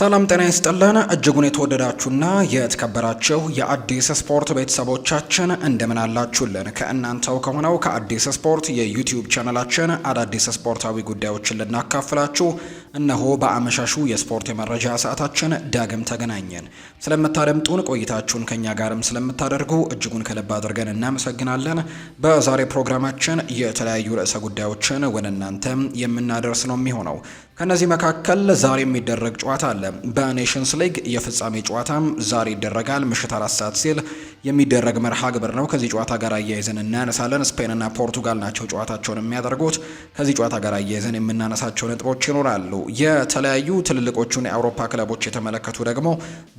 ሰላም ጤና ይስጥልን እጅጉን የተወደዳችሁና የተከበራችሁ የአዲስ ስፖርት ቤተሰቦቻችን እንደምን አላችሁልን? ከእናንተው ከሆነው ከአዲስ ስፖርት የዩቲዩብ ቻናላችን አዳዲስ ስፖርታዊ ጉዳዮችን ልናካፍላችሁ እነሆ በአመሻሹ የስፖርት የመረጃ ሰዓታችን ዳግም ተገናኘን። ስለምታደምጡን ቆይታችሁን ከኛ ጋርም ስለምታደርጉ እጅጉን ከልብ አድርገን እናመሰግናለን። በዛሬ ፕሮግራማችን የተለያዩ ርዕሰ ጉዳዮችን ወደ እናንተም የምናደርስ ነው የሚሆነው ከእነዚህ መካከል ዛሬ የሚደረግ ጨዋታ አለ። በኔሽንስ ሊግ የፍጻሜ ጨዋታም ዛሬ ይደረጋል። ምሽት አራት ሰዓት ሲል የሚደረግ መርሃ ግብር ነው። ከዚህ ጨዋታ ጋር አያይዘን እናያነሳለን። ስፔንና ፖርቱጋል ናቸው ጨዋታቸውን የሚያደርጉት። ከዚህ ጨዋታ ጋር አያይዘን የምናነሳቸው ነጥቦች ይኖራሉ። የተለያዩ ትልልቆቹን የአውሮፓ ክለቦች የተመለከቱ ደግሞ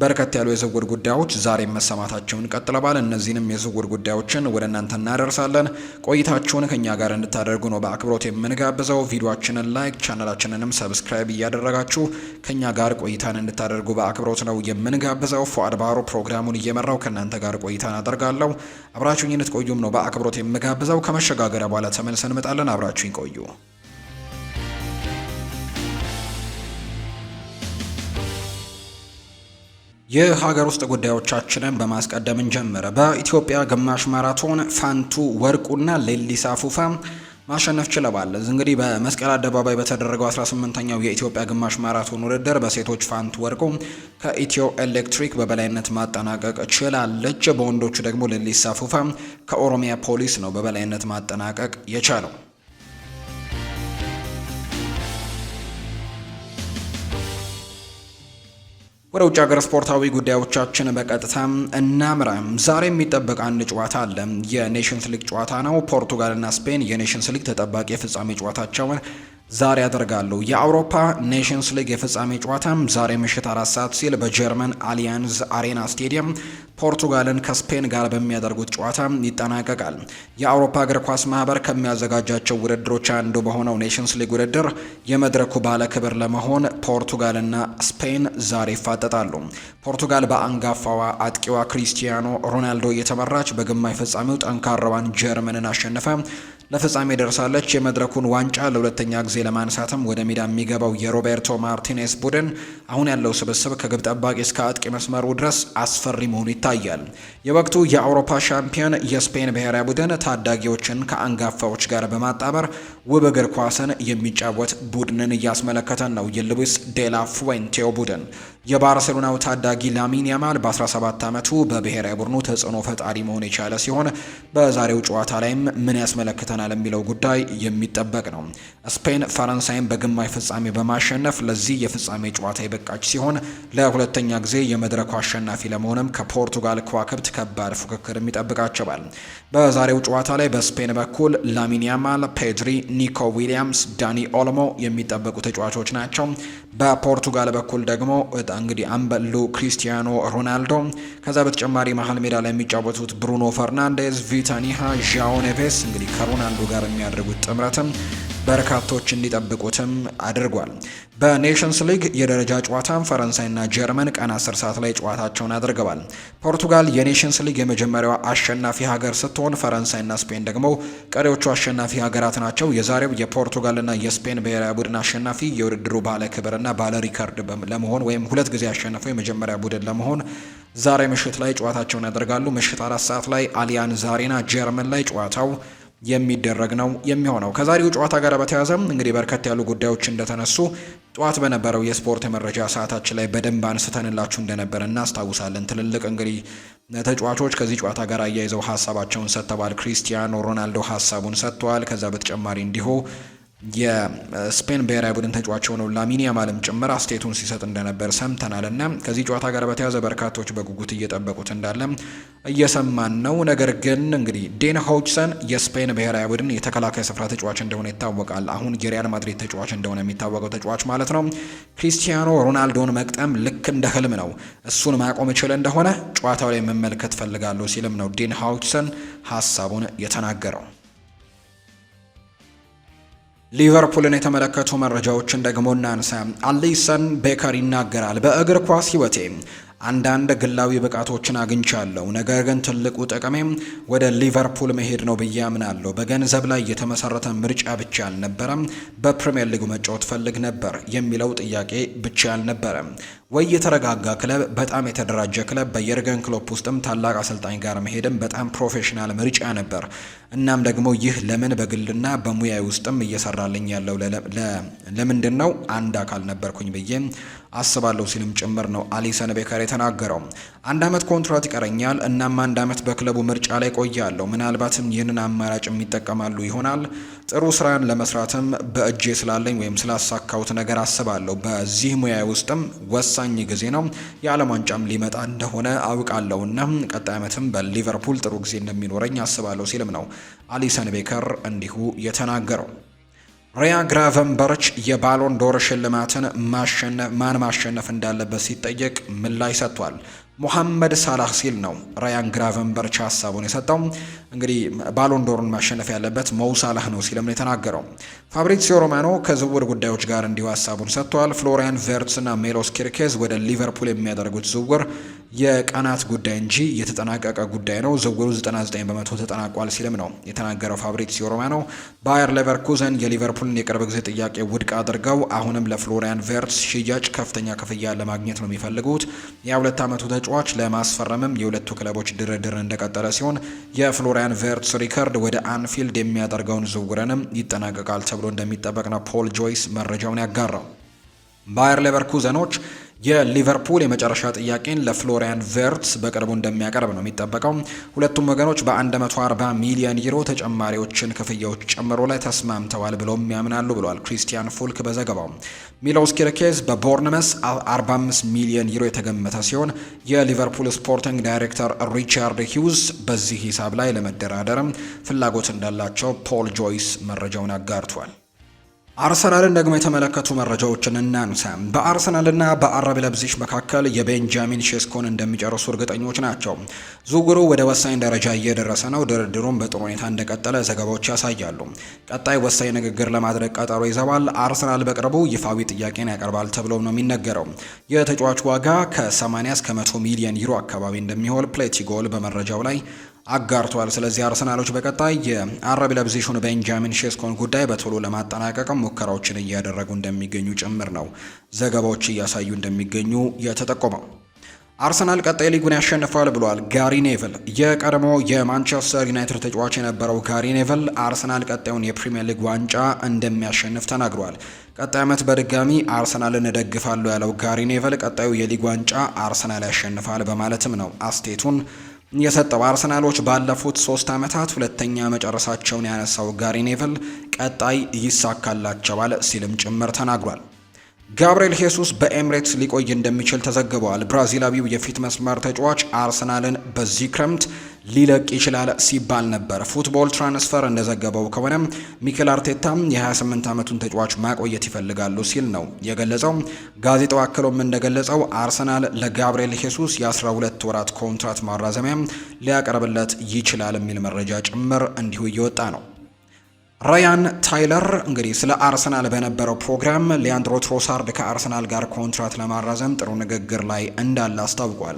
በርከት ያሉ የዝውውር ጉዳዮች ዛሬ መሰማታቸውን ቀጥለዋል። እነዚህንም የዝውውር ጉዳዮችን ወደ እናንተ እናደርሳለን። ቆይታችሁን ከእኛ ጋር እንድታደርጉ ነው በአክብሮት የምንጋብዘው። ቪዲዮችንን ላይክ ቻናላችንንም ሰብስክራይብ እያደረጋችሁ ከእኛ ጋር ቆይታን እንድታደርጉ በአክብሮት ነው የምንጋብዘው። ፏአድባሮ ፕሮግራሙን እየመራው ከእናንተ ጋር ቆይ ቆይታን አደርጋለሁ። አብራችሁኝ እንድትቆዩም ነው በአክብሮት የምጋብዘው። ከመሸጋገሪያ በኋላ ተመልሰን እንመጣለን። አብራችሁኝ ቆዩ። የሀገር ውስጥ ጉዳዮቻችንን በማስቀደም እንጀምር። በኢትዮጵያ ግማሽ ማራቶን ፋንቱ ወርቁና ሌሊሳ ፉፋ ማሸነፍ ችለዋል። እንግዲህ በመስቀል አደባባይ በተደረገው 18ኛው የኢትዮጵያ ግማሽ ማራቶን ውድድር በሴቶች ፋንት ወርቁ ከኢትዮ ኤሌክትሪክ በበላይነት ማጠናቀቅ ችላለች። በወንዶቹ ደግሞ ሌሊሳ ፉፋ ከኦሮሚያ ፖሊስ ነው በበላይነት ማጠናቀቅ የቻለው። ወደ ውጭ ሀገር ስፖርታዊ ጉዳዮቻችን በቀጥታ እናምራ። ዛሬ የሚጠበቅ አንድ ጨዋታ አለ። የኔሽንስ ሊግ ጨዋታ ነው። ፖርቱጋልና ስፔን የኔሽንስ ሊግ ተጠባቂ የፍጻሜ ጨዋታቸውን ዛሬ ያደርጋሉ። የአውሮፓ ኔሽንስ ሊግ የፍጻሜ ጨዋታም ዛሬ ምሽት አራት ሰዓት ሲል በጀርመን አሊያንዝ አሬና ስቴዲየም ፖርቱጋልን ከስፔን ጋር በሚያደርጉት ጨዋታ ይጠናቀቃል። የአውሮፓ እግር ኳስ ማህበር ከሚያዘጋጃቸው ውድድሮች አንዱ በሆነው ኔሽንስ ሊግ ውድድር የመድረኩ ባለ ክብር ለመሆን ፖርቱጋልና ስፔን ዛሬ ይፋጠጣሉ። ፖርቱጋል በአንጋፋዋ አጥቂዋ ክሪስቲያኖ ሮናልዶ እየተመራች በግማሽ ፍጻሜው ጠንካራዋን ጀርመንን አሸንፈ ለፍጻሜ ደርሳለች። የመድረኩን ዋንጫ ለሁለተኛ ጊዜ ለማንሳትም ወደ ሜዳ የሚገባው የሮቤርቶ ማርቲኔስ ቡድን አሁን ያለው ስብስብ ከግብ ጠባቂ እስከ አጥቂ መስመሩ ድረስ አስፈሪ መሆኑ ይታያል። የወቅቱ የአውሮፓ ሻምፒዮን የስፔን ብሔራዊ ቡድን ታዳጊዎችን ከአንጋፋዎች ጋር በማጣመር ውብ እግር ኳስን የሚጫወት ቡድንን እያስመለከተን ነው። የልዊስ ዴላ ፉዌንቴው ቡድን የባርሴሎናው ታዳጊ ላሚን ያማል በ17 ዓመቱ በብሔራዊ ቡድኑ ተጽዕኖ ፈጣሪ መሆን የቻለ ሲሆን በዛሬው ጨዋታ ላይም ምን ያስመለክተናል የሚለው ጉዳይ የሚጠበቅ ነው። ስፔን ፈረንሳይን በግማሽ ፍጻሜ በማሸነፍ ለዚህ የፍጻሜ ጨዋታ የበቃች ሲሆን ለሁለተኛ ጊዜ የመድረኩ አሸናፊ ለመሆንም ከፖርቱጋል ከዋክብት ከባድ ፉክክር ይጠብቃቸዋል። በዛሬው ጨዋታ ላይ በስፔን በኩል ላሚን ያማል፣ ፔድሪ፣ ኒኮ ዊሊያምስ፣ ዳኒ ኦልሞ የሚጠበቁ ተጫዋቾች ናቸው። በፖርቱጋል በኩል ደግሞ እንግዲህ አምበሉ ክሪስቲያኖ ሮናልዶ፣ ከዛ በተጨማሪ መሀል ሜዳ ላይ የሚጫወቱት ብሩኖ ፈርናንዴዝ፣ ቪታኒሃ፣ ዣኦ ኔቬስ እንግዲህ ከሮናልዶ ጋር የሚያደርጉት ጥምረትም በርካቶች እንዲጠብቁትም አድርጓል። በኔሽንስ ሊግ የደረጃ ጨዋታም ፈረንሳይና ጀርመን ቀን 10 ሰዓት ላይ ጨዋታቸውን አድርገዋል። ፖርቱጋል የኔሽንስ ሊግ የመጀመሪያው አሸናፊ ሀገር ስትሆን ፈረንሳይና ስፔን ደግሞ ቀሪዎቹ አሸናፊ ሀገራት ናቸው። የዛሬው የፖርቱጋልና የስፔን ብሔራዊ ቡድን አሸናፊ የውድድሩ ባለ ክብርና ባለ ሪከርድ ለመሆን ወይም ሁለት ጊዜ ያሸነፈው የመጀመሪያ ቡድን ለመሆን ዛሬ ምሽት ላይ ጨዋታቸውን ያደርጋሉ። ምሽት አራት ሰዓት ላይ አሊያንዝ አሬና ጀርመን ላይ ጨዋታው የሚደረግ ነው የሚሆነው። ከዛሬው ጨዋታ ጋር በተያያዘ እንግዲህ በርከት ያሉ ጉዳዮች እንደተነሱ ጠዋት በነበረው የስፖርት መረጃ ሰዓታችን ላይ በደንብ አንስተንላችሁ እንደነበረ እናስታውሳለን። ትልልቅ እንግዲህ ተጫዋቾች ከዚህ ጨዋታ ጋር አያይዘው ሀሳባቸውን ሰጥተዋል። ክሪስቲያኖ ሮናልዶ ሀሳቡን ሰጥተዋል። ከዛ በተጨማሪ እንዲሁ የስፔን ብሔራዊ ቡድን ተጫዋች የሆነው ላሚን ያማልም ጭምር አስተያየቱን ሲሰጥ እንደነበር ሰምተናል እና ከዚህ ጨዋታ ጋር በተያያዘ በርካቶች በጉጉት እየጠበቁት እንዳለ እየሰማን ነው። ነገር ግን እንግዲህ ዴን ሆችሰን የስፔን ብሔራዊ ቡድን የተከላካይ ስፍራ ተጫዋች እንደሆነ ይታወቃል። አሁን የሪያል ማድሪድ ተጫዋች እንደሆነ የሚታወቀው ተጫዋች ማለት ነው። ክሪስቲያኖ ሮናልዶን መቅጠም ልክ እንደ ህልም ነው። እሱን ማቆም እችል እንደሆነ ጨዋታው ላይ መመልከት ፈልጋለሁ ሲልም ነው ዴን ሆችሰን ሀሳቡን የተናገረው። ሊቨርፑልን የተመለከቱ መረጃዎችን ደግሞ እናንሳ። አሊሰን ቤከር ይናገራል። በእግር ኳስ ህይወቴ አንዳንድ ግላዊ ብቃቶችን አግኝቻለሁ። ነገር ግን ትልቁ ጥቅሜም ወደ ሊቨርፑል መሄድ ነው ብዬ አምናለሁ። በገንዘብ ላይ የተመሰረተ ምርጫ ብቻ አልነበረም። በፕሪምየር ሊጉ መጫወት ፈልግ ነበር የሚለው ጥያቄ ብቻ አልነበረም ወይ የተረጋጋ ክለብ፣ በጣም የተደራጀ ክለብ፣ በየርገን ክሎፕ ውስጥም ታላቅ አሰልጣኝ ጋር መሄድም በጣም ፕሮፌሽናል ምርጫ ነበር። እናም ደግሞ ይህ ለምን በግልና በሙያዊ ውስጥም እየሰራልኝ ያለው ለምንድን ነው አንድ አካል ነበርኩኝ ብዬ አስባለሁ ሲልም ጭምር ነው አሊሰን ቤከር የተናገረው። አንድ አመት ኮንትራት ይቀረኛል፣ እናም አንድ አመት በክለቡ ምርጫ ላይ ቆያለሁ። ምናልባትም ይህንን አማራጭ የሚጠቀማሉ ይሆናል። ጥሩ ስራን ለመስራትም በእጄ ስላለኝ ወይም ስላሳካሁት ነገር አስባለሁ። በዚህ ሙያ ውስጥም ወሳኝ ጊዜ ነው። የዓለም ዋንጫም ሊመጣ እንደሆነ እና ቀጣይ አመትም በሊቨርፑል ጥሩ ጊዜ እንደሚኖረኝ አስባለሁ ሲልም ነው አሊሰን ቤከር እንዲሁ የተናገረው። ሪያ ግራቨንበርች የባሎን ዶር ሽልማትን ማን ማሸነፍ እንዳለበት ሲጠየቅ ምላሽ ሰጥቷል። ሙሐመድ ሳላህ ሲል ነው ራያን ግራቨንበርች ሀሳቡን የሰጠው። እንግዲህ ባሎን ማሸነፍ ያለበት መው ሳላህ ነው ሲልም ነው የተናገረው። ፋብሪዚዮ ሮማኖ ከዝውውር ጉዳዮች ጋር እንዲሁ ሀሳቡን ሰጥቷል። ፍሎሪያን ቨርትስ እና ሜሎስ ኪርኬዝ ወደ ሊቨርፑል የሚያደርጉት ዝውውር የቀናት ጉዳይ እንጂ የተጠናቀቀ ጉዳይ ነው። ዝውውሩ 99 በመቶ ተጠናቋል ሲልም ነው የተናገረው ፋብሪዚዮ ሮማኖ። ባየር ሌቨርኩዘን የሊቨርፑልን የቅርብ ጊዜ ጥያቄ ውድቅ አድርገው አሁንም ለፍሎሪያን ቬርትስ ሽያጭ ከፍተኛ ክፍያ ለማግኘት ነው የሚፈልጉት። የሁለት ዓመቱ ተጫዋች ለማስፈረምም የሁለቱ ክለቦች ድርድር እንደቀጠለ ሲሆን የፍሎሪያን ቬርትስ ሪከርድ ወደ አንፊልድ የሚያደርገውን ዝውውርንም ይጠናቀቃል ተብሎ እንደሚጠበቅ ነው ፖል ጆይስ መረጃውን ያጋራው። ባየር ሌቨርኩዘኖች የሊቨርፑል የመጨረሻ ጥያቄን ለፍሎሪያን ቨርትስ በቅርቡ እንደሚያቀርብ ነው የሚጠበቀው። ሁለቱም ወገኖች በ140 ሚሊዮን ዩሮ ተጨማሪዎችን ክፍያዎች ጨምሮ ላይ ተስማምተዋል ብሎም ያምናሉ ብለዋል ክሪስቲያን ፉልክ በዘገባው። ሚሎስ ኪርኬዝ በቦርንመስ 45 ሚሊዮን ዩሮ የተገመተ ሲሆን የሊቨርፑል ስፖርቲንግ ዳይሬክተር ሪቻርድ ሂውዝ በዚህ ሂሳብ ላይ ለመደራደርም ፍላጎት እንዳላቸው ፖል ጆይስ መረጃውን አጋርቷል። አርሰናልን ደግሞ የተመለከቱ መረጃዎችን እናንሳ። በአርሰናልና በአር ቢ መካከል የቤንጃሚን ሼስኮን እንደሚጨርሱ እርግጠኞች ናቸው። ዝውውሩ ወደ ወሳኝ ደረጃ እየደረሰ ነው። ድርድሩም በጥሩ ሁኔታ እንደቀጠለ ዘገባዎች ያሳያሉ። ቀጣይ ወሳኝ ንግግር ለማድረግ ቀጠሮ ይዘዋል። አርሰናል በቅርቡ ይፋዊ ጥያቄን ያቀርባል ተብሎ ነው የሚነገረው። የተጫዋች ዋጋ ከ80 እስከ 100 ሚሊዮን ዩሮ አካባቢ እንደሚሆን ፕሌቲጎል በመረጃው ላይ አጋርቷል። ስለዚህ አርሰናሎች በቀጣይ የአረብ ለብዜሹን ቤንጃሚን ሼስኮን ጉዳይ በቶሎ ለማጠናቀቅ ሙከራዎችን እያደረጉ እንደሚገኙ ጭምር ነው ዘገባዎች እያሳዩ እንደሚገኙ የተጠቆመው። አርሰናል ቀጣይ ሊጉን ያሸንፋል ብሏል ጋሪ ኔቨል የቀድሞ የማንቸስተር ዩናይትድ ተጫዋች የነበረው ጋሪ ኔቨል አርሰናል ቀጣዩን የፕሪምየር ሊግ ዋንጫ እንደሚያሸንፍ ተናግሯል። ቀጣይ ዓመት በድጋሚ አርሰናልን እደግፋለሁ ያለው ጋሪ ኔቨል ቀጣዩ የሊግ ዋንጫ አርሰናል ያሸንፋል በማለትም ነው አስቴቱን የሰጠው። አርሰናሎች ባለፉት ሶስት ዓመታት ሁለተኛ መጨረሳቸውን ያነሳው ጋሪ ኔቨል ቀጣይ ይሳካላቸዋል ሲልም ጭምር ተናግሯል። ጋብርኤል ሄሱስ በኤምሬትስ ሊቆይ እንደሚችል ተዘግበዋል። ብራዚላዊው የፊት መስመር ተጫዋች አርሰናልን በዚህ ክረምት ሊለቅ ይችላል ሲባል ነበር። ፉትቦል ትራንስፈር እንደዘገበው ከሆነ ሚኬል አርቴታ የ28 ዓመቱን ተጫዋች ማቆየት ይፈልጋሉ ሲል ነው የገለጸው። ጋዜጣው አክሎም እንደገለጸው አርሰናል ለጋብርኤል ሄሱስ የ12 ወራት ኮንትራት ማራዘሚያ ሊያቀርብለት ይችላል የሚል መረጃ ጭምር እንዲሁ እየወጣ ነው። ራያን ታይለር እንግዲህ ስለ አርሰናል በነበረው ፕሮግራም ሊያንድሮ ትሮሳርድ ከአርሰናል ጋር ኮንትራት ለማራዘም ጥሩ ንግግር ላይ እንዳለ አስታውቋል።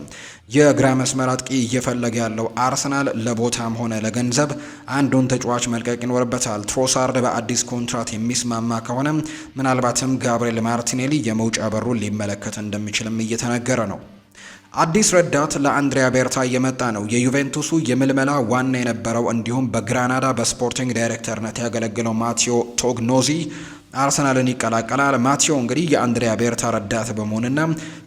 የግራ መስመር አጥቂ እየፈለገ ያለው አርሰናል ለቦታም ሆነ ለገንዘብ አንዱን ተጫዋች መልቀቅ ይኖርበታል። ትሮሳርድ በአዲስ ኮንትራት የሚስማማ ከሆነ ምናልባትም ጋብርኤል ማርቲኔሊ የመውጫ በሩን ሊመለከት እንደሚችልም እየተነገረ ነው። አዲስ ረዳት ለአንድሪያ ቤርታ እየመጣ ነው። የዩቬንቱሱ የምልመላ ዋና የነበረው እንዲሁም በግራናዳ በስፖርቲንግ ዳይሬክተርነት ያገለግለው ማቴዎ ቶግኖዚ አርሰናልን ይቀላቀላል። ማቴዎ እንግዲህ የአንድሪያ ቤርታ ረዳት በመሆንና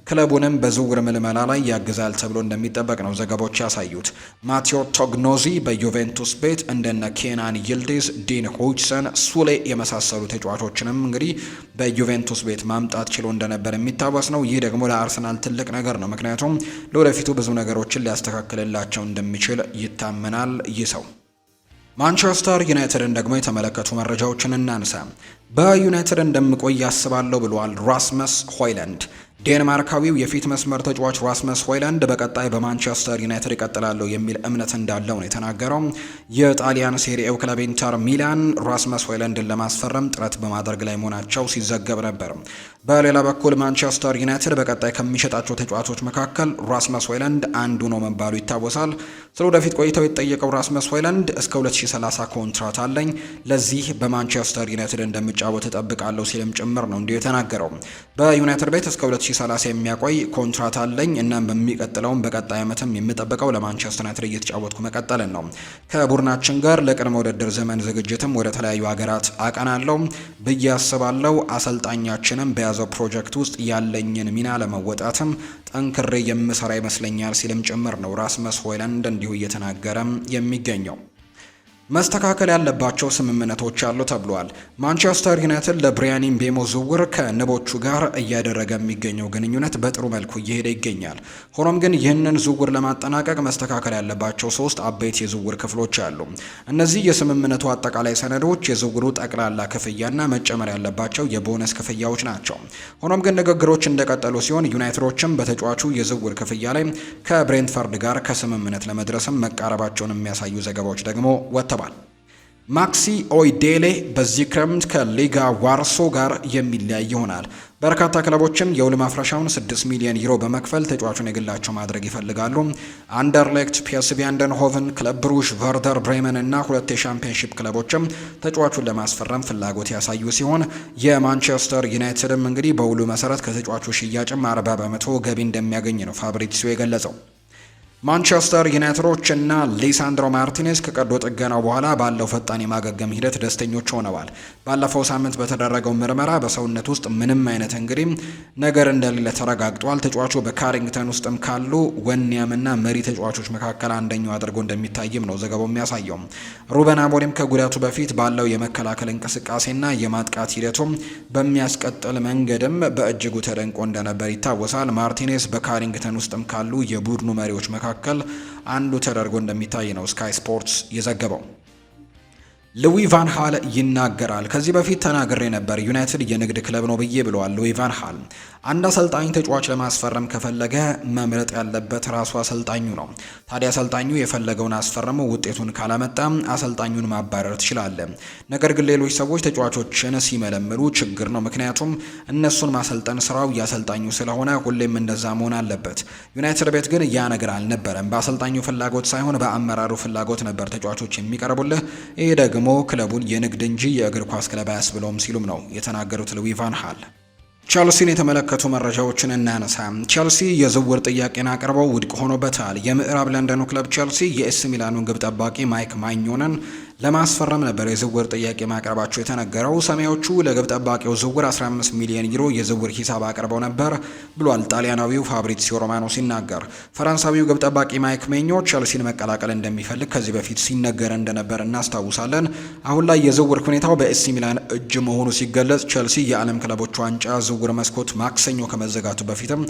ክለቡንም በዝውውር ምልመላ ላይ ያግዛል ተብሎ እንደሚጠበቅ ነው ዘገባዎች ያሳዩት። ማቴዎ ቶግኖዚ በዩቬንቱስ ቤት እንደነ ኬናን ይልዲዝ፣ ዲን ሆችሰን፣ ሱሌ የመሳሰሉ ተጫዋቾችንም እንግዲህ በዩቬንቱስ ቤት ማምጣት ችሎ እንደነበር የሚታወስ ነው። ይህ ደግሞ ለአርሰናል ትልቅ ነገር ነው፣ ምክንያቱም ለወደፊቱ ብዙ ነገሮችን ሊያስተካክልላቸው እንደሚችል ይታመናል ይህ ሰው ማንቸስተር ዩናይትድን ደግሞ የተመለከቱ መረጃዎችን እናንሳ። በዩናይትድ እንደምቆይ ያስባለሁ ብሏል ራስመስ ሆይለንድ። ዴንማርካዊው የፊት መስመር ተጫዋች ራስመስ ሆይላንድ በቀጣይ በማንቸስተር ዩናይትድ ይቀጥላለሁ የሚል እምነት እንዳለው ነው የተናገረው። የጣሊያን ሴሪኤው ክለብ ኢንተር ሚላን ራስመስ ሆይላንድን ለማስፈረም ጥረት በማድረግ ላይ መሆናቸው ሲዘገብ ነበር። በሌላ በኩል ማንቸስተር ዩናይትድ በቀጣይ ከሚሸጣቸው ተጫዋቾች መካከል ራስመስ ሆይላንድ አንዱ ነው መባሉ ይታወሳል። ስለ ወደፊት ቆይተው የተጠየቀው ራስመስ ሆይላንድ እስከ 2030 ኮንትራት አለኝ፣ ለዚህ በማንቸስተር ዩናይትድ እንደምጫወት እጠብቃለሁ ሲልም ጭምር ነው እንዲሁ የተናገረው። በዩናይትድ ቤት እስከ 2030 የሚያቆይ ኮንትራት አለኝ፣ እናም በሚቀጥለውም በቀጣይ ዓመትም የምጠብቀው ለማንቸስተር ዩናይትድ እየተጫወትኩ መቀጠልን ነው። ከቡድናችን ጋር ለቅድመ ውድድር ዘመን ዝግጅትም ወደ ተለያዩ ሀገራት አቀናለሁ ብዬ አስባለሁ። አሰልጣኛችንም በያ በተያዘው ፕሮጀክት ውስጥ ያለኝን ሚና ለመወጣትም ጠንክሬ የምሰራ ይመስለኛል ሲልም ጭምር ነው ራስመስ ሆይላንድ እንዲሁ እየተናገረም የሚገኘው። መስተካከል ያለባቸው ስምምነቶች አሉ ተብሏል። ማንቸስተር ዩናይትድ ለብሪያን ምቤሞ ዝውውር ከንቦቹ ጋር እያደረገ የሚገኘው ግንኙነት በጥሩ መልኩ እየሄደ ይገኛል። ሆኖም ግን ይህንን ዝውውር ለማጠናቀቅ መስተካከል ያለባቸው ሶስት አበይት የዝውውር ክፍሎች አሉ። እነዚህ የስምምነቱ አጠቃላይ ሰነዶች፣ የዝውውሩ ጠቅላላ ክፍያና መጨመር ያለባቸው የቦነስ ክፍያዎች ናቸው። ሆኖም ግን ንግግሮች እንደቀጠሉ ሲሆን ዩናይትዶችም በተጫዋቹ የዝውውር ክፍያ ላይ ከብሬንትፈርድ ጋር ከስምምነት ለመድረስም መቃረባቸውን የሚያሳዩ ዘገባዎች ደግሞ ወጥተዋል። ይታሰባል። ማክሲ ኦይዴሌ በዚህ ክረምት ከሊጋ ዋርሶ ጋር የሚለያይ ይሆናል። በርካታ ክለቦችም የውል ማፍረሻውን 6 ሚሊዮን ዩሮ በመክፈል ተጫዋቹን የግላቸው ማድረግ ይፈልጋሉ። አንደርሌክት፣ ፒኤስቪ አንደንሆቨን፣ ክለብ ብሩሽ፣ ቨርደር ብሬመን እና ሁለት የሻምፒዮንሺፕ ክለቦችም ተጫዋቹን ለማስፈረም ፍላጎት ያሳዩ ሲሆን የማንቸስተር ዩናይትድም እንግዲህ በውሉ መሰረት ከተጫዋቹ ሽያጭም 40 በመቶ ገቢ እንደሚያገኝ ነው ፋብሪዚዮ የገለጸው። ማንቸስተር ዩናይትዶች እና ሊሳንድሮ ማርቲኔዝ ከቀዶ ጥገናው በኋላ ባለው ፈጣን የማገገም ሂደት ደስተኞች ሆነዋል። ባለፈው ሳምንት በተደረገው ምርመራ በሰውነት ውስጥ ምንም አይነት እንግዲህ ነገር እንደሌለ ተረጋግጧል። ተጫዋቹ በካሪንግተን ውስጥም ካሉ ወንያምና መሪ ተጫዋቾች መካከል አንደኛው አድርጎ እንደሚታይም ነው ዘገባው የሚያሳየው። ሩበን አሞሪም ከጉዳቱ በፊት ባለው የመከላከል እንቅስቃሴና የማጥቃት ሂደቱም በሚያስቀጥል መንገድም በእጅጉ ተደንቆ እንደነበር ይታወሳል። ማርቲኔዝ በካሪንግተን ውስጥም ካሉ የቡድኑ መሪዎች መካከል መካከል አንዱ ተደርጎ እንደሚታይ ነው ስካይ ስፖርትስ የዘገበው። ሉዊ ቫን ሃል ይናገራል። ከዚህ በፊት ተናግሬ ነበር፣ ዩናይትድ የንግድ ክለብ ነው ብዬ ብለዋል ሉዊ ቫን ሃል። አንድ አሰልጣኝ ተጫዋች ለማስፈረም ከፈለገ መምረጥ ያለበት ራሱ አሰልጣኙ ነው። ታዲያ አሰልጣኙ የፈለገውን አስፈርሞ ውጤቱን ካላመጣ አሰልጣኙን ማባረር ትችላለ። ነገር ግን ሌሎች ሰዎች ተጫዋቾችን ሲመለምሉ ችግር ነው፣ ምክንያቱም እነሱን ማሰልጠን ስራው የአሰልጣኙ ስለሆነ ሁሌም እንደዛ መሆን አለበት። ዩናይትድ ቤት ግን ያ ነገር አልነበረም። በአሰልጣኙ ፍላጎት ሳይሆን በአመራሩ ፍላጎት ነበር ተጫዋቾች የሚቀርቡልህ። ይህ ደግሞ ክለቡን የንግድ እንጂ የእግር ኳስ ክለብ አያስብለውም ሲሉም ነው የተናገሩት ሉዊ ቫን ሃል። ቸልሲን የተመለከቱ መረጃዎችን እናነሳ። ቸልሲ የዝውውር ጥያቄን አቅርበው ውድቅ ሆኖበታል። የምዕራብ ለንደኑ ክለብ ቸልሲ የኤሲ ሚላኑን ግብ ጠባቂ ማይክ ማኞንን ለማስፈረም ነበር የዝውውር ጥያቄ ማቅረባቸው የተነገረው። ሰማያዎቹ ለግብ ጠባቂው ዝውውር 15 ሚሊዮን ዩሮ የዝውውር ሂሳብ አቅርበው ነበር ብሏል ጣሊያናዊው ፋብሪዚዮ ሮማኖ ሲናገር። ፈረንሳዊው ግብ ጠባቂ ማይክ ሜኞ ቸልሲን መቀላቀል እንደሚፈልግ ከዚህ በፊት ሲነገር እንደነበር እናስታውሳለን። አሁን ላይ የዝውውር ሁኔታው በኤሲ ሚላን እጅ መሆኑ ሲገለጽ፣ ቸልሲ የዓለም ክለቦች ዋንጫ ዝውውር መስኮት ማክሰኞ ከመዘጋቱ በፊትም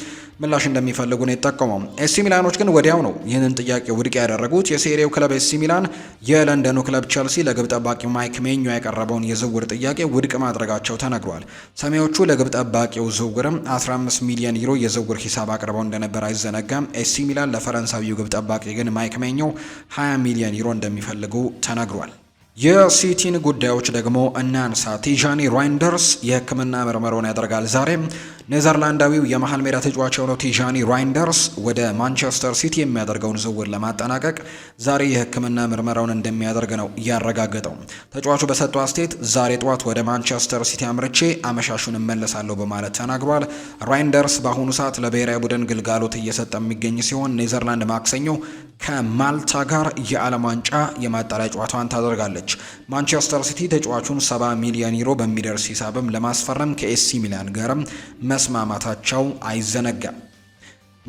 ምላሽ እንደሚፈልጉ ነው የጠቀመው። ኤሲ ሚላኖች ግን ወዲያው ነው ይህንን ጥያቄ ውድቅ ያደረጉት። የሴሪው ክለብ ኤሲ ሚላን የለንደኑ ክለብ ቸልሲ ለግብ ጠባቂው ማይክ ሜኞ ያቀረበውን የዝውውር ጥያቄ ውድቅ ማድረጋቸው ተነግሯል። ሰሜዎቹ ለግብ ጠባቂው ዝውውርም 15 ሚሊዮን ዩሮ የዝውውር ሂሳብ አቅርበው እንደነበር አይዘነጋም። ኤሲ ሚላን ለፈረንሳዊው ግብ ጠባቂ ግን ማይክ ሜኞ 20 ሚሊዮን ዩሮ እንደሚፈልጉ ተነግሯል። የሲቲን ጉዳዮች ደግሞ እናንሳ። ቲዣኒ ራይንደርስ የሕክምና ምርመራውን ያደርጋል ዛሬ ኔዘርላንዳዊው የመሀል ሜዳ ተጫዋች የሆነው ቲዣኒ ራይንደርስ ወደ ማንቸስተር ሲቲ የሚያደርገውን ዝውውር ለማጠናቀቅ ዛሬ የሕክምና ምርመራውን እንደሚያደርግ ነው ያረጋገጠው። ተጫዋቹ በሰጠው አስተያየት ዛሬ ጠዋት ወደ ማንቸስተር ሲቲ አምርቼ አመሻሹን እመለሳለሁ በማለት ተናግሯል። ራይንደርስ በአሁኑ ሰዓት ለብሔራዊ ቡድን ግልጋሎት እየሰጠ የሚገኝ ሲሆን ኔዘርላንድ ማክሰኞ ከማልታ ጋር የዓለም ዋንጫ የማጣሪያ ጨዋታዋን ታደርጋለች። ማንቸስተር ሲቲ ተጫዋቹን ሰባ ሚሊዮን ዩሮ በሚደርስ ሂሳብም ለማስፈረም ከኤሲ ሚላን ጋርም መስማማታቸው አይዘነጋም።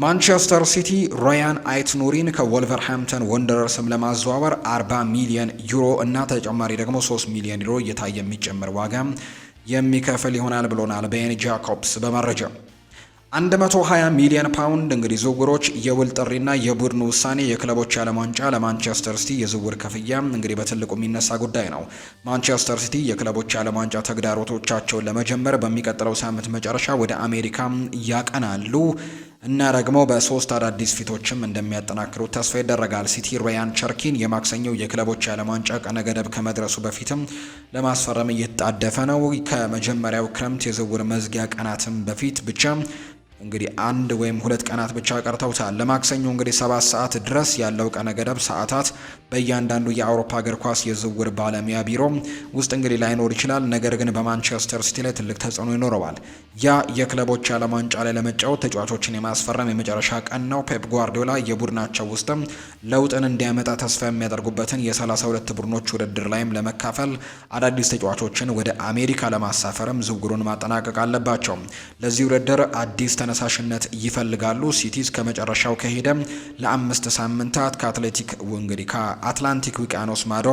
ማንቸስተር ሲቲ ሮያን አይት ኑሪን ከወልቨርሃምፕተን ወንደረርስም ለማዘዋወር 40 ሚሊዮን ዩሮ እና ተጨማሪ ደግሞ 3 ሚሊዮን ዩሮ እየታየ የሚጨምር ዋጋ የሚከፍል ይሆናል ብሎናል ቤን ጃኮብስ በመረጃው 120 ሚሊዮን ፓውንድ እንግዲህ ዝውውሮች፣ የውል ጥሪና የቡድን ውሳኔ የክለቦች ዓለም ዋንጫ ለማንቸስተር ሲቲ የዝውውር ክፍያ እንግዲህ በትልቁ የሚነሳ ጉዳይ ነው። ማንቸስተር ሲቲ የክለቦች ዓለም ዋንጫ ተግዳሮቶቻቸውን ለመጀመር በሚቀጥለው ሳምንት መጨረሻ ወደ አሜሪካ ያቀናሉ እና ደግሞ በሶስት አዳዲስ ፊቶችም እንደሚያጠናክሩ ተስፋ ይደረጋል። ሲቲ ራያን ቸርኪን የማክሰኘው የክለቦች ዓለም ዋንጫ ቀነ ገደብ ከመድረሱ በፊትም ለማስፈረም እየተጣደፈ ነው። ከመጀመሪያው ክረምት የዝውውር መዝጊያ ቀናትም በፊት ብቻ እንግዲህ አንድ ወይም ሁለት ቀናት ብቻ ቀርተውታል። ለማክሰኞ እንግዲህ ሰባት ሰዓት ድረስ ያለው ቀነ ገደብ ሰዓታት በእያንዳንዱ የአውሮፓ እግር ኳስ የዝውውር ባለሙያ ቢሮ ውስጥ እንግዲህ ላይኖር ይችላል። ነገር ግን በማንቸስተር ሲቲ ላይ ትልቅ ተጽዕኖ ይኖረዋል። ያ የክለቦች ዓለም ዋንጫ ላይ ለመጫወት ተጫዋቾችን የማስፈረም የመጨረሻ ቀን ነው። ፔፕ ጓርዲዮላ የቡድናቸው ውስጥም ለውጥን እንዲያመጣ ተስፋ የሚያደርጉበትን የ32 ቡድኖች ውድድር ላይም ለመካፈል አዳዲስ ተጫዋቾችን ወደ አሜሪካ ለማሳፈርም ዝውውሩን ማጠናቀቅ አለባቸው። ለዚህ ውድድር አዲስ ተነሳሽነት ይፈልጋሉ። ሲቲ እስከ መጨረሻው ከሄደ ለአምስት ሳምንታት ከአትሌቲክ እንግዲህ ከአትላንቲክ ውቅያኖስ ማዶ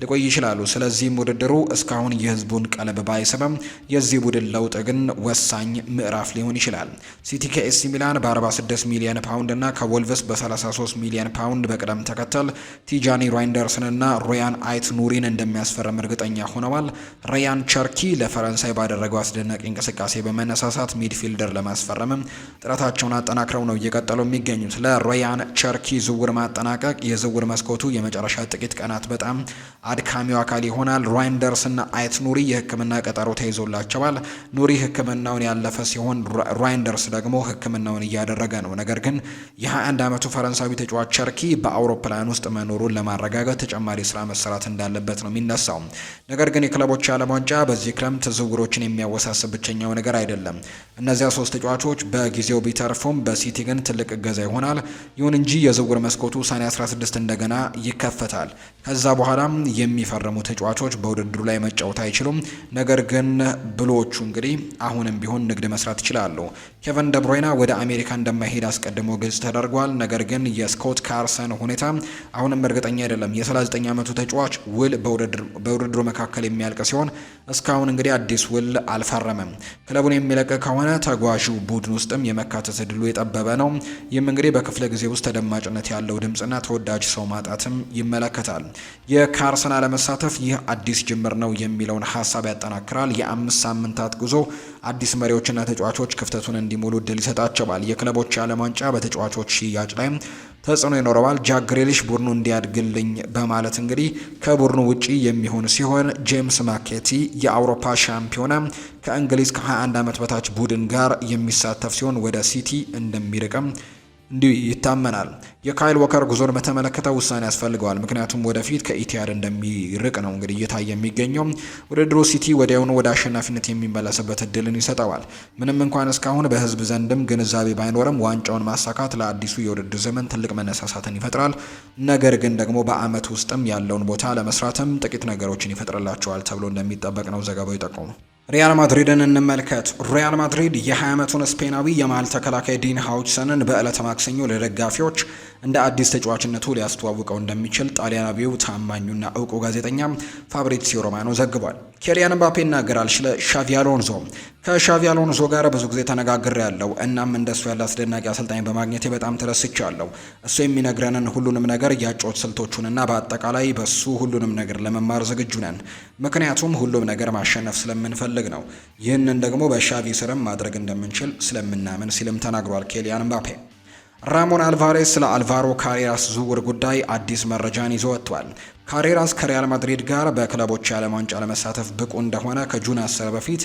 ሊቆይ ይችላሉ። ስለዚህም ውድድሩ እስካሁን የህዝቡን ቀለብ ባይስብም የዚህ ቡድን ለውጥ ግን ወሳኝ ምዕራፍ ሊሆን ይችላል። ሲቲ ከኤሲ ሚላን በ46 ሚሊዮን ፓውንድ እና ከወልቭስ በ33 ሚሊዮን ፓውንድ በቅደም ተከተል ቲጃኒ ራይንደርስን እና ሮያን አይት ኑሪን እንደሚያስፈርም እርግጠኛ ሆነዋል። ራያን ቸርኪ ለፈረንሳይ ባደረገው አስደናቂ እንቅስቃሴ በመነሳሳት ሚድፊልደር ለማስፈረም አሁንም ጥረታቸውን አጠናክረው ነው እየቀጠሉ የሚገኙት። ለሮያን ቸርኪ ዝውውር ማጠናቀቅ የዝውውር መስኮቱ የመጨረሻ ጥቂት ቀናት በጣም አድካሚው አካል ይሆናል። ራይንደርስ ና አይት ኑሪ የህክምና ቀጠሮ ተይዞላቸዋል። ኑሪ ህክምናውን ያለፈ ሲሆን ራይንደርስ ደግሞ ህክምናውን እያደረገ ነው። ነገር ግን የ21 ዓመቱ ፈረንሳዊ ተጫዋች ቸርኪ በአውሮፕላን ውስጥ መኖሩን ለማረጋገጥ ተጨማሪ ስራ መሰራት እንዳለበት ነው የሚነሳው። ነገር ግን የክለቦች ዓለም ዋንጫ በዚህ ክረምት ዝውውሮችን የሚያወሳስብ ብቸኛው ነገር አይደለም። እነዚያ ሶስት ተጫዋቾች በጊዜው ቢተርፉም በሲቲ ግን ትልቅ እገዛ ይሆናል። ይሁን እንጂ የዝውውር መስኮቱ ሰኔ 16 እንደገና ይከፈታል። ከዛ በኋላም የሚፈርሙ ተጫዋቾች በውድድሩ ላይ መጫወት አይችሉም። ነገር ግን ብሎቹ እንግዲህ አሁንም ቢሆን ንግድ መስራት ይችላሉ። ኬቨን ደብሮይና ወደ አሜሪካ እንደማይሄድ አስቀድሞ ግልጽ ተደርጓል። ነገር ግን የስኮት ካርሰን ሁኔታ አሁንም እርግጠኛ አይደለም። የ39 ዓመቱ ተጫዋች ውል በውድድሩ መካከል የሚያልቅ ሲሆን እስካሁን እንግዲህ አዲስ ውል አልፈረመም። ክለቡን የሚለቅ ከሆነ ተጓዡ ቡድኑ ውስጥም የመካተት እድሉ የጠበበ ነው። ይህም እንግዲህ በክፍለ ጊዜ ውስጥ ተደማጭነት ያለው ድምፅና ተወዳጅ ሰው ማጣትም ይመለከታል። የካርሰን አለመሳተፍ ይህ አዲስ ጅምር ነው የሚለውን ሀሳብ ያጠናክራል። የአምስት ሳምንታት ጉዞ አዲስ መሪዎችና ተጫዋቾች ክፍተቱን እንዲሞሉ እድል ይሰጣቸዋል። የክለቦች የዓለም ዋንጫ በተጫዋቾች ሽያጭ ላይ ተጽዕኖ ይኖረዋል። ጃክ ግሬሊሽ ቡድኑ እንዲያድግልኝ በማለት እንግዲህ ከቡድኑ ውጪ የሚሆን ሲሆን ጄምስ ማኬቲ የአውሮፓ ሻምፒዮና ከእንግሊዝ ከ21 ዓመት በታች ቡድን ጋር የሚሳተፍ ሲሆን ወደ ሲቲ እንደሚርቅም እንዲሁ ይታመናል። የካይል ወከር ጉዞን በተመለከተ ውሳኔ ያስፈልገዋል። ምክንያቱም ወደፊት ከኢቲያድ እንደሚርቅ ነው እንግዲህ እየታየ የሚገኘው። ውድድሩ ሲቲ ወዲያውኑ ወደ አሸናፊነት የሚመለስበት እድልን ይሰጠዋል። ምንም እንኳን እስካሁን በህዝብ ዘንድም ግንዛቤ ባይኖርም ዋንጫውን ማሳካት ለአዲሱ የውድድር ዘመን ትልቅ መነሳሳትን ይፈጥራል። ነገር ግን ደግሞ በአመት ውስጥም ያለውን ቦታ ለመስራትም ጥቂት ነገሮችን ይፈጥርላቸዋል ተብሎ እንደሚጠበቅ ነው ዘገባው ይጠቁሙ ሪያል ማድሪድን እንመልከት። ሪያል ማድሪድ የ20 ዓመቱን ስፔናዊ የመሃል ተከላካይ ዲን ሃውችሰንን በዕለተ ማክሰኞ ለደጋፊዎች እንደ አዲስ ተጫዋችነቱ ሊያስተዋውቀው እንደሚችል ጣሊያናዊው ታማኙና እውቁ ጋዜጠኛ ፋብሪዚዮ ሮማኖ ዘግቧል። ኬሊያን ምባፔ ይናገራል ስለ ሻቪ አሎንዞ። ከሻቪ አሎንዞ ጋር ብዙ ጊዜ ተነጋግሬ ያለው እናም እንደሱ ያለ አስደናቂ አሰልጣኝ በማግኘቴ በጣም ተደስቻለሁ። እሱ የሚነግረንን ሁሉንም ነገር ያጮት ስልቶቹንና በአጠቃላይ በሱ ሁሉንም ነገር ለመማር ዝግጁ ነን፣ ምክንያቱም ሁሉም ነገር ማሸነፍ ስለምንፈልግ ነው። ይህንን ደግሞ በሻቪ ስርም ማድረግ እንደምንችል ስለምናምን ሲልም ተናግሯል ኬሊያን ምባፔ። ራሞን አልቫሬስ ስለ አልቫሮ ካሪያስ ዝውውር ጉዳይ አዲስ መረጃን ይዞ ወጥቷል። ካሬራስ ከሪያል ማድሪድ ጋር በክለቦች የዓለም ዋንጫ ለመሳተፍ ብቁ እንደሆነ ከጁን አስር በፊት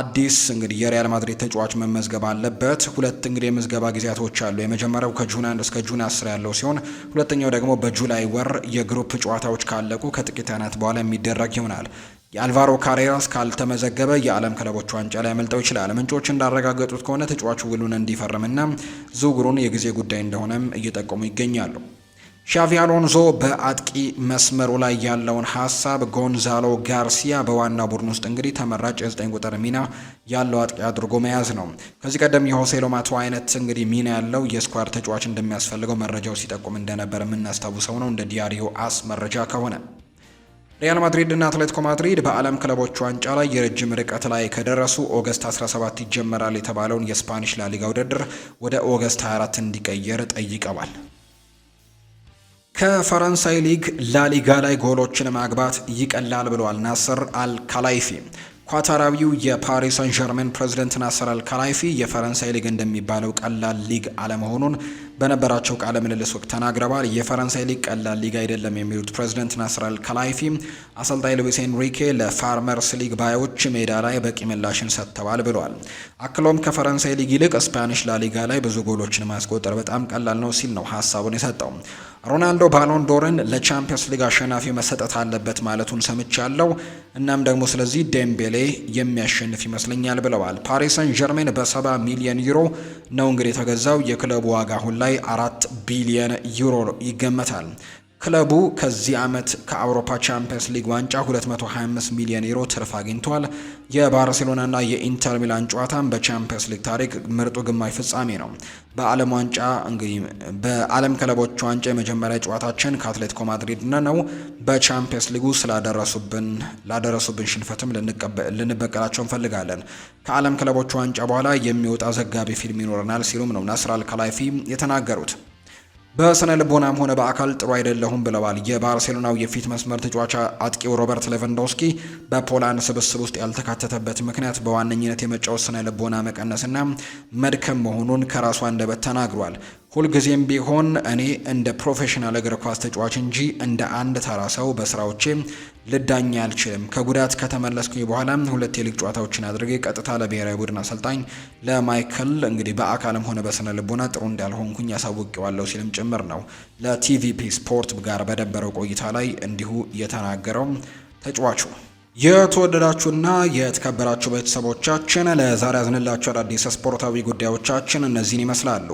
አዲስ እንግዲህ የሪያል ማድሪድ ተጫዋች መመዝገብ አለበት። ሁለት እንግዲህ የምዝገባ ጊዜያቶች አሉ። የመጀመሪያው ከጁን አንድ እስከ ጁን አስር ያለው ሲሆን ሁለተኛው ደግሞ በጁላይ ወር የግሩፕ ጨዋታዎች ካለቁ ከጥቂት ቀናት በኋላ የሚደረግ ይሆናል። የአልቫሮ ካሬራስ ካልተመዘገበ የዓለም ክለቦች ዋንጫ ላይ ያመልጠው ይችላል። ምንጮች እንዳረጋገጡት ከሆነ ተጫዋቹ ውሉን እንዲፈርምና ዝውውሩን የጊዜ ጉዳይ እንደሆነም እየጠቆሙ ይገኛሉ። ሻቪ አሎንዞ በአጥቂ መስመሩ ላይ ያለውን ሀሳብ ጎንዛሎ ጋርሲያ በዋና ቡድን ውስጥ እንግዲህ ተመራጭ የዘጠኝ ቁጥር ሚና ያለው አጥቂ አድርጎ መያዝ ነው። ከዚህ ቀደም የሆሴ ሎማቶ አይነት እንግዲህ ሚና ያለው የስኳድ ተጫዋች እንደሚያስፈልገው መረጃው ሲጠቁም እንደነበር የምናስታውሰው ነው። እንደ ዲያሪዮ አስ መረጃ ከሆነ ሪያል ማድሪድ እና አትሌቲኮ ማድሪድ በዓለም ክለቦች ዋንጫ ላይ የረጅም ርቀት ላይ ከደረሱ ኦገስት 17 ይጀመራል የተባለውን የስፓኒሽ ላሊጋ ውድድር ወደ ኦገስት 24 እንዲቀየር ጠይቀዋል። ከፈረንሳይ ሊግ ላሊጋ ላይ ጎሎችን ማግባት ይቀላል ብለዋል ናስር አልካላይፊ። ኳታራዊው የፓሪስ ሰን ዠርሜን ፕሬዚደንት ናስር አልካላይፊ የፈረንሳይ ሊግ እንደሚባለው ቀላል ሊግ አለመሆኑን በነበራቸው ቃለ ምልልስ ወቅት ተናግረዋል። የፈረንሳይ ሊግ ቀላል ሊግ አይደለም የሚሉት ፕሬዚደንት ናስር አል ከላይፊ አሰልጣኝ ሉዊስ ኤንሪኬ ለፋርመርስ ሊግ ባዮች ሜዳ ላይ በቂ ምላሽን ሰጥተዋል ብለዋል። አክሎም ከፈረንሳይ ሊግ ይልቅ ስፓኒሽ ላሊጋ ላይ ብዙ ጎሎችን ማስቆጠር በጣም ቀላል ነው ሲል ነው ሀሳቡን የሰጠው። ሮናልዶ ባሎን ዶርን ለቻምፒየንስ ሊግ አሸናፊ መሰጠት አለበት ማለቱን ሰምቻለሁ። እናም ደግሞ ስለዚህ ዴምቤሌ የሚያሸንፍ ይመስለኛል ብለዋል። ፓሪስ ሰን ጀርሜን በሰባ ሚሊዮን ዩሮ ነው እንግዲህ የተገዛው የክለቡ ዋጋ ሁላ ላይ አራት ቢሊየን ዩሮ ይገመታል። ክለቡ ከዚህ ዓመት ከአውሮፓ ቻምፒየንስ ሊግ ዋንጫ 225 ሚሊዮን ዩሮ ትርፍ አግኝቷል። የባርሴሎናና የኢንተር ሚላን ጨዋታም በቻምፒየንስ ሊግ ታሪክ ምርጡ ግማሽ ፍጻሜ ነው። በዓለም ዋንጫ እንግዲህ በዓለም ክለቦች ዋንጫ የመጀመሪያ ጨዋታችን ከአትሌቲኮ ማድሪድ ነው። በቻምፒየንስ ሊጉ ስላደረሱብን ላደረሱብን ሽንፈትም ልንበቀላቸው እንፈልጋለን። ከዓለም ክለቦች ዋንጫ በኋላ የሚወጣ ዘጋቢ ፊልም ይኖረናል ሲሉም ነው ናስር አልከላይፊ የተናገሩት። በስነ ልቦናም ሆነ በአካል ጥሩ አይደለሁም ብለዋል። የባርሴሎናው የፊት መስመር ተጫዋች አጥቂው ሮበርት ሌቫንዶስኪ በፖላንድ ስብስብ ውስጥ ያልተካተተበት ምክንያት በዋነኝነት የመጫወት ስነ ልቦና መቀነስና መድከም መሆኑን ከራሱ አንደበት ተናግሯል። ሁልጊዜም ቢሆን እኔ እንደ ፕሮፌሽናል እግር ኳስ ተጫዋች እንጂ እንደ አንድ ተራ ሰው በስራዎቼ ልዳኝ አልችልም። ከጉዳት ከተመለስኩኝ በኋላ ሁለት የሊግ ጨዋታዎችን አድርጌ ቀጥታ ለብሔራዊ ቡድን አሰልጣኝ ለማይክል እንግዲህ በአካልም ሆነ በስነ ልቦና ጥሩ እንዳልሆንኩኝ ያሳውቀዋለሁ ሲልም ጭምር ነው ለቲቪፒ ስፖርት ጋር በደበረው ቆይታ ላይ እንዲሁ የተናገረው ተጫዋቹ። የተወደዳችሁና የተከበራችሁ ቤተሰቦቻችን ለዛሬ ያዝንላችሁ አዳዲስ ስፖርታዊ ጉዳዮቻችን እነዚህን ይመስላሉ።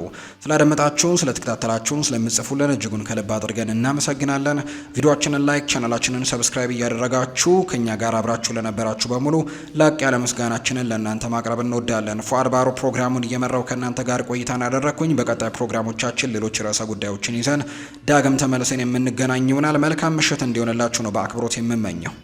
ስላደመጣችሁን፣ ስለተከታተላችሁን፣ ስለምጽፉልን እጅጉን ከልብ አድርገን እናመሰግናለን። ቪዲዮችንን ላይክ፣ ቻናላችንን ሰብስክራይብ እያደረጋችሁ ከእኛ ጋር አብራችሁ ለነበራችሁ በሙሉ ላቅ ያለ ምስጋናችንን ለእናንተ ማቅረብ እንወዳለን። ፏድ ባሮ ፕሮግራሙን እየመራው ከእናንተ ጋር ቆይታን ያደረግኩኝ። በቀጣይ ፕሮግራሞቻችን ሌሎች ርዕሰ ጉዳዮችን ይዘን ዳግም ተመልሰን የምንገናኝ ይሆናል። መልካም ምሽት እንዲሆንላችሁ ነው በአክብሮት የምመኘው።